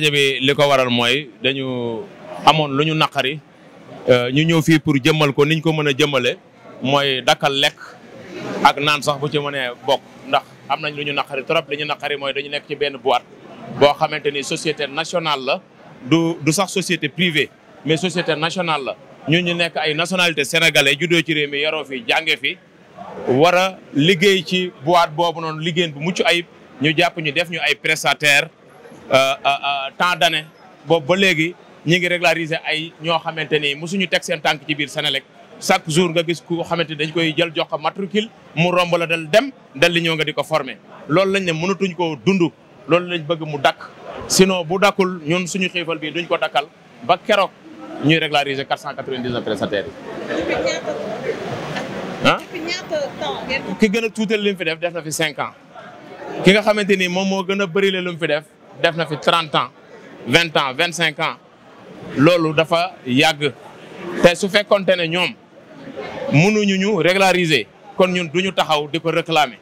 daje bi li ko waral mooy dañu amoon lu ñu naqari euh, ñu ñëw fii pour jëmmal ko niñ ko mën a jëmmale mooy dakkal lekk ak naan sax bu ci mënee bokk ndax am nañ lu ñu naqari trop li ñu naqari mooy nekk ci benn boîte boo xamante ni société nationale la du du sax société privée mais société nationale la ñu ñu nekk ay nationalité sénégalais juddoo ci réew mi yaroo fi jànge fi war a liggéey ci boîte boobu noonu liggéey bu mucc ayib ñu jàpp ñu def ñu ay prestataire Euh, euh, euh, tant d'années boobu ba léegi ñi ngi régulariser ay ñoo xamante ni mosuñu teg seen tànk ci biir Sénélec chaque jour nga gis ku xamante dañ koy jël jox ko matricule mu romb la dal dem dal li nga di ko former loolu lañ ne mënatuñ ko dund loolu lañ bëgg mu dakk sinon bu dakkul ñun suñu xiifal bii duñ ko dakkal ba keroog ñuy régulariser 499 prestataires yi. ah ki gën a tuutal li mu fi def def na fi cinq ans ki nga xamante ni moom moo gën a bëri lu mu fi def. def na fi trente ans vingt ans vingt cinq ans loolu dafa yàgg te su fekkonte ne ñoom mënuñu ñu régulariser kon ñun ñu taxaw di ko réclamer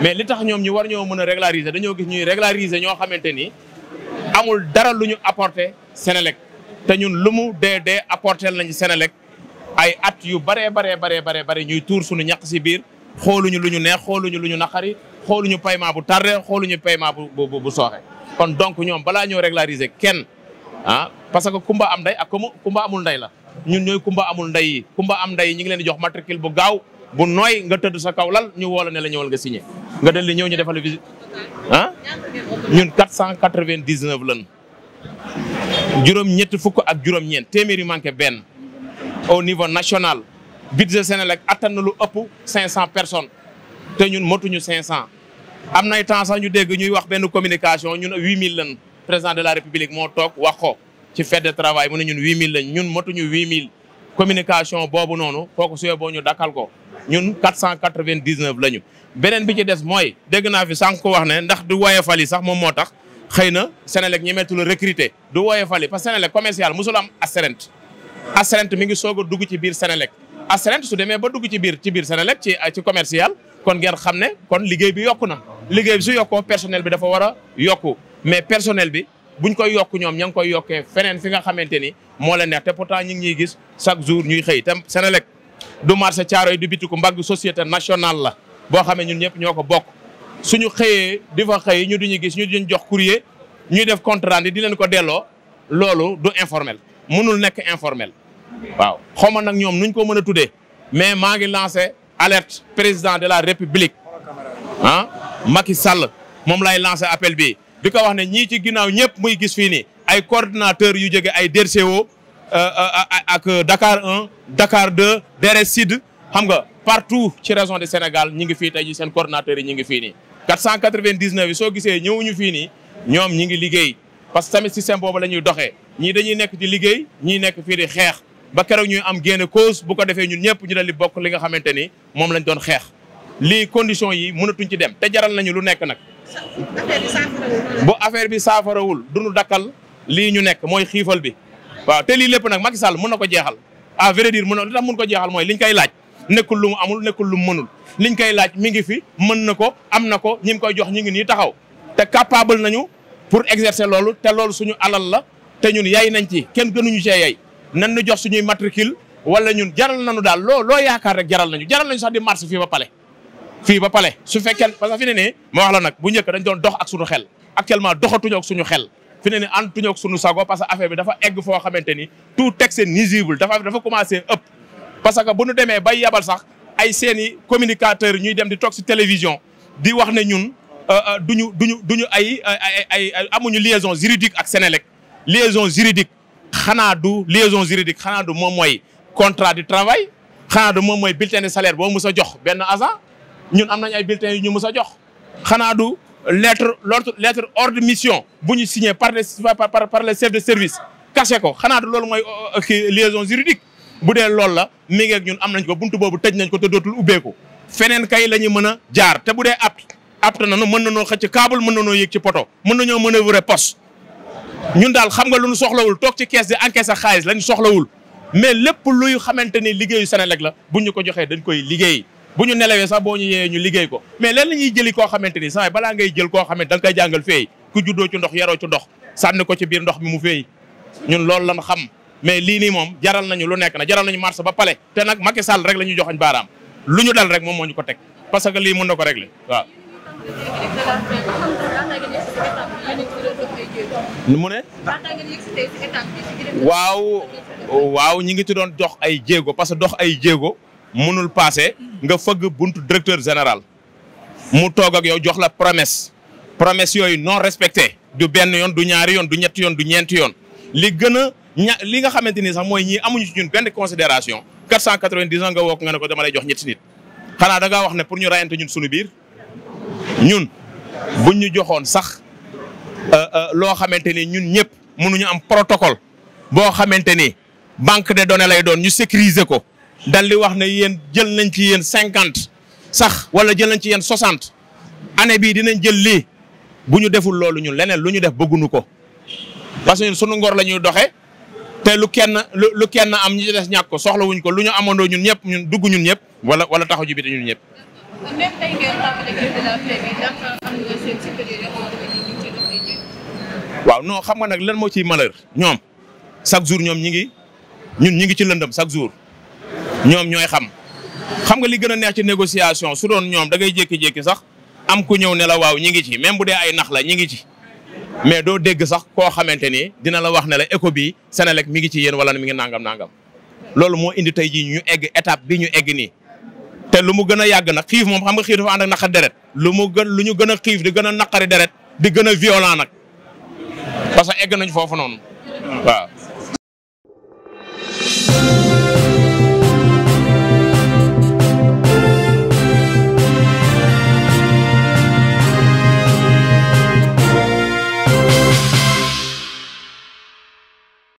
mais li tax ñoom ñu war ñoo mën a régulariser dañoo gis ñuy régulariser ñoo xamante ni amul dara lu ñu apporter Sénélec te ñun lu mu dee dee apporter nañu Sénélec ay at yu baree bare baree baree bare ñuy tuur suñu ñaq si biir xooluñu lu ñu neex xooluñu lu ñu naqari xooluñu paiement bu tardé xoolu ñu bu bu bu sooxe kon donc ñoom balaa ñoo régulariser kenn ah parce que kumba am nday ak kumba amul nday la ñun ñooy kumba amul nday yi kumba am nday yi ñu ngi leen di jox matricule bu gaaw bu nooy nga tëdd sa kaw lal ñu woo la ne la ñëwal nga signé nga delli ñëw ñu defal visite ah ñun 499 lan juróom ñetti fukk ak juróom ñeent téeméeri manqué benn au niveau national budget Sénélec attan na lu ëpp 500 personnes te ñun motuñu 500. am nay temps sax ñu dégg ñuy wax benn communication ñun 8000 lan président de la république moo toog wax ko ci fête de travail mu ne ñun 8000 lañ ñun motuñu mil communication boobu noonu kooku suyoo boo ñu dakkal ko ñun 499 lañu. beneen bi ci des mooy dégg naa fi sànq ko wax ne ndax du woyefal yi sax moom moo tax xëy na Sénélec ñi mettul recruter du woyefal yi parce que Sénélec commercial musul am assurance assurance mi ngi soog a dugg ci biir Sénélec assurance su demee dugg ci biir ci biir Sénélec ci ci commercial. kon ngeen xam ne kon liggéey bi yokku na liggéey bi su yokkoo personnel bi dafa war a mais personnel bi buñ koy yokk ñoom ña ngi koy yokkee feneen fi nga xamante ni moo la neex te pourtant ñu ngi ñuy gis chaque jour ñuy xëy te Senelec du marché Thiaroye du bitiku mbagg société national la boo xamee ñun ñëpp ñoo ko bokk suñu xëyee di fa xëy ñu duñu gis ñu duñ jox courrier ñuy def contrat di leen ko delloo loolu du informel mënul nekk informel waaw xaw ma nag ko mën a tuddee alerte président de la république ah Sall moom lay lancé appel bi di ko wax ne ñii ci ginaaw ñëpp muy gis fii ni ay coordinateurs yu jege ay DRCO euh, euh, ak euh, Dakar 1 Dakar de DRS Sud xam nga partout ci région de Sénégal ñi ngi fii tey ji seen coordinateurs yi ñi ngi fii nii 499 yi soo gisee ñëwuñu fii nii ñoom ñi ngi liggéey parce que tamit système boobu la ñuy doxee ñii dañuy nekk di liggéey ñii nekk fii di xeex ba keroog ñu am génne cause bu ko defee ñun ñëpp ñu dal di bokk li nga xamante ni moom lañ doon xeex lii condition yi mënatuñ ci dem te jaral nañu lu nekk nag. bu affaire bi saafarawul duñu dakkal lii ñu nekk mooy xiifal bi waaw te li lépp nag Macky Sall mën na ko jeexal a vrai dire mën na tax mën ko jeexal mooy liñ koy laaj nekkul lu amul nekkul lu mu mënul liñ koy laaj mi ngi fi mën na ko am na ko ñi ngi koy jox ñi ngi nii taxaw te capable nañu pour exercer loolu te loolu suñu alal la te ñun yay nañ ci kenn gënuñu cee nan nu jox suñuy matricule wala ñun jaral nañu daal loo loo yaakaar rek jaral nañu jaral nañu sax di marche fii ba pale fii ba pale su fekkee parce que fi ne ne ma wax la nag bu njëkk dañ doon dox ak suñu xel actuellement doxatuñu ak suñu xel fi ne ne antuñu ak suñu sago parce que affaire bi dafa egg foo xamante ni tout texte est nuisible dafa dafa commencé ëpp parce que bu ñu demee ba yabal sax ay seeni communicateur ñuy dem di toog si télévision di wax ne ñun du euh, euh, duñu duñu ay ay ay amuñu liaison juridique ak Sénélec liaison juridique xanaa du liaison juridique xanaa du moom mooy contrat du travail xanaa du mooy bulletin de salaire boo mus a jox benn agent ñun am nañ ay bulletins yu ñu mus a jox xanaa du lettre lettre ordre de mission bu ñu signé par les par par les chefs de service caché ko xanaa du loolu mooy euh, kii liaison juridique bu dee loolu la mi ngi ak ñun am nañ ko buntu boobu tëj nañ ko te dootul ubbeeku feneen kay la ñu mën a jaar te bu dee apte apte nañu mën nañoo xëcc câble mën nañoo yëg ci poto mën nañoo manœuvrer poste ñun daal xam nga lu ñu soxlawul toog ci kees di encaisser xaalis lañu soxlawul mais lépp luy xamante ni liggéeyu Senelec la buñ ñu ko joxee dañ koy liggéey bu ñu nelawee sax boo ñu yeeyee ñu liggéey ko mais leen la ñuy jëli koo xamante ni saa balaa ngay jël koo xamante da nga koy jàngal feey ku juddoo ci ndox yaroo ci ndox sànni ko ci biir ndox mi mu feey ñun loolu lañ xam mais lii nii moom jaral nañu lu nekk na jaral nañu marché ba pale te nag Macky Sall rek la ñuy joxoñ baaraam lu ñu dal rek moom moo ñu ko teg parce que lii mën na ko régler waaw mu ne. waaw waaw ñi ngi ci doon dox ay jéego parce que dox ay jéego munul passé nga fëgg bunt directeur général mu toog ak yow jox la promesse promesse yooyu non respecté du benn yoon du ñaari yoon du ñetti yoon du ñeenti yoon li gën a ña li nga xamante ni sax mooy ñii amuñu ci ñun benn considération 490 ans nga woo nga ne ko dama lay jox ñetti nit xanaa da wax ne pour ñu rayante ñun suñu biir ñun buñ ñu joxoon sax. Euh, euh, loo xamante ni ñun ñëpp mënuñu am protocole boo xamante ni banque de donné lay doon ñu sécuriser ko dal li wax na yéen jël nañ ci yéen cinquante sax wala jël nañ ci yéen soixante année bii dinañ jël lii bu ñu deful loolu ñun leneen lu ñu def bëgguñu ko parce que sunu ngor la ñuy doxee te lu kenn lu lu kenn am ñu des ñàkk ko soxlawuñ ko lu ñu amandoo ñun ñëpp ñun dugg ñun ñëpp wala taxa taxaw bi ñun ñëpp. même waaw non xam nga nag lan moo ciy malheur ñoom chaque jour ñoom ñi ngi ñun ñi ngi ci lëndëm chaque jour ñoom ñooy xam xam nga li gën a neex ci négociation su doon ñoom da ngay jékki sax am ku ñëw ne la waaw ñi ngi ci même bu dee ay nax la ñi ngi ci mais doo dégg sax koo xamante ni dina la wax ne la éco bi Senelec mi ngi ci yéen wala mi ngi nangam nangam loolu moo indi tey jii ñu egg étape bi ñu egg nii te lu mu gën a yàgg nag xiif moom xam nga xiif dafa ànd ak naqar deret lu mu gën lu ñu gën a xiif gën a naqari deret di gën a violent nag parce que egg nañ foofu noonu waaw.